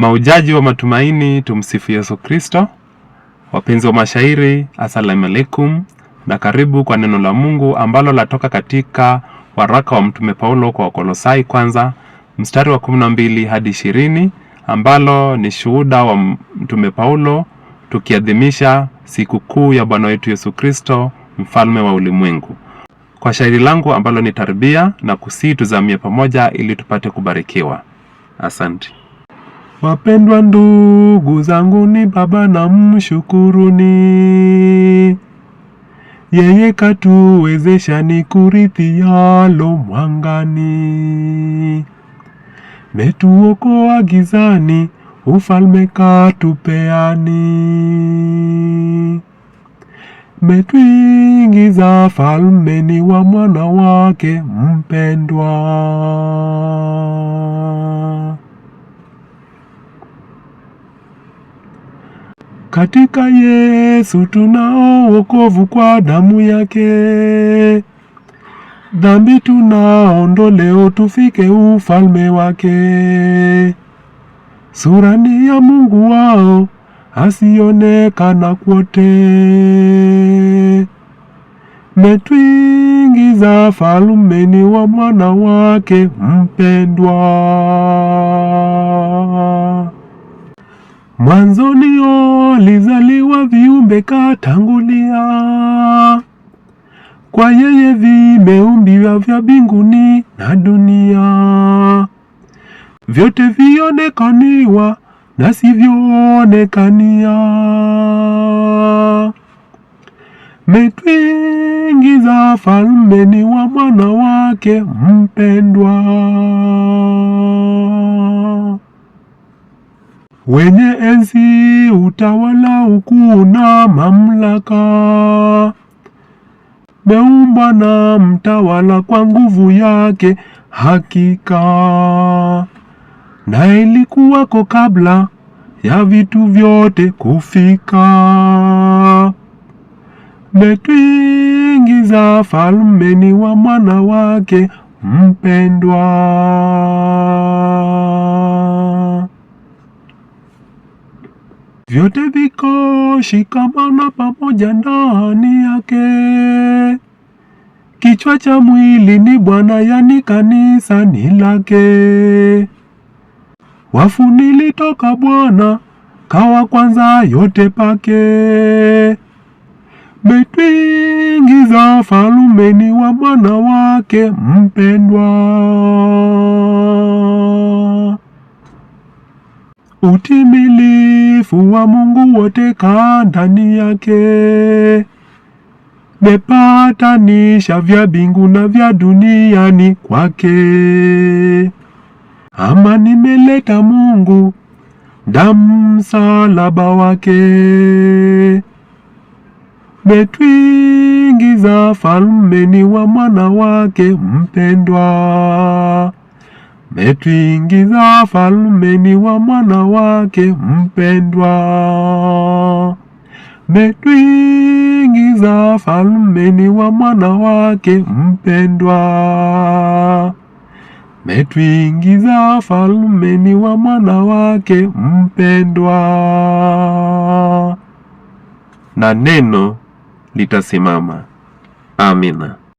Maujaji wa matumaini, tumsifu Yesu Kristo. Wapenzi wa mashairi, asalamu alaikum, na karibu kwa neno la Mungu ambalo latoka katika waraka wa Mtume Paulo kwa Wakolosai kwanza mstari wa 12 hadi 20 ambalo ni shuhuda wa Mtume Paulo tukiadhimisha sikukuu ya Bwana wetu Yesu Kristo, mfalme wa ulimwengu. Kwa shairi langu ambalo ni tarbia na kusii, tuzamie pamoja ili tupate kubarikiwa. Asante. Wapendwa ndugu zangu, ni Baba na mshukuruni, yeye katuwezesha ni kurithi yalo mwangani, metuokoa gizani, ufalme katupeani, metuingiza falmeni wa mwana wake mpendwa Katika Yesu tunao wokovu kwa damu yake, dhambi tunaondoleo, tufike ufalme wake. sura ni ya Mungu wao asionekana kwote, metwingiza falumeni wa mwana wake mpendwa. Mwanzonio lizaliwa viumbe katangulia, kwa yeye vimeumbiwa vya binguni na dunia, vyote vionekaniwa na sivyoonekania, metwingi za falme ni wa mwana wake mpendwa wenye enzi, utawala ukuu na mamlaka, meumba na mtawala kwa nguvu yake hakika, na ilikuwako kabla ya vitu vyote kufika. metwingiza falmeni wa mwana wake mpendwa. vyote viko shikamana pamoja ndani yake. Kichwa cha mwili ni Bwana, yani kanisa ni lake. Wafu nilitoka Bwana, kawa kwanza yote pake. Betwingi za ufalume ni wa mwana wake mpendwa utimili utukufu wa Mungu wote kaa ndani yake. Mepatanisha vya bingu na vya duniani kwake. Amani meleta Mungu, damu msalaba wake. metwingiza falmeni wa mwana wake mpendwa metuingiza falumeni wa mwana wake mpendwa, metuingiza falumeni wa mwana wake mpendwa, metuingiza falumeni wa mwana wake mpendwa, na neno litasimama. Amina.